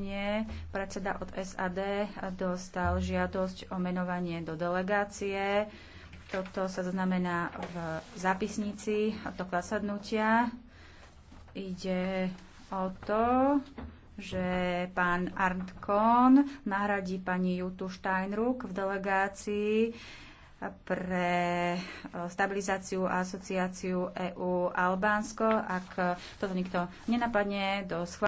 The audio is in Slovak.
pekne. Predseda od SAD dostal žiadosť o menovanie do delegácie. Toto sa znamená v zápisnici tohto zasadnutia. Ide o to, že pán Arndt Kohn nahradí pani Jutu Steinruck v delegácii pre e, stabilizáciu a asociáciu EU Albánsko. Ak toto nikto nenapadne, do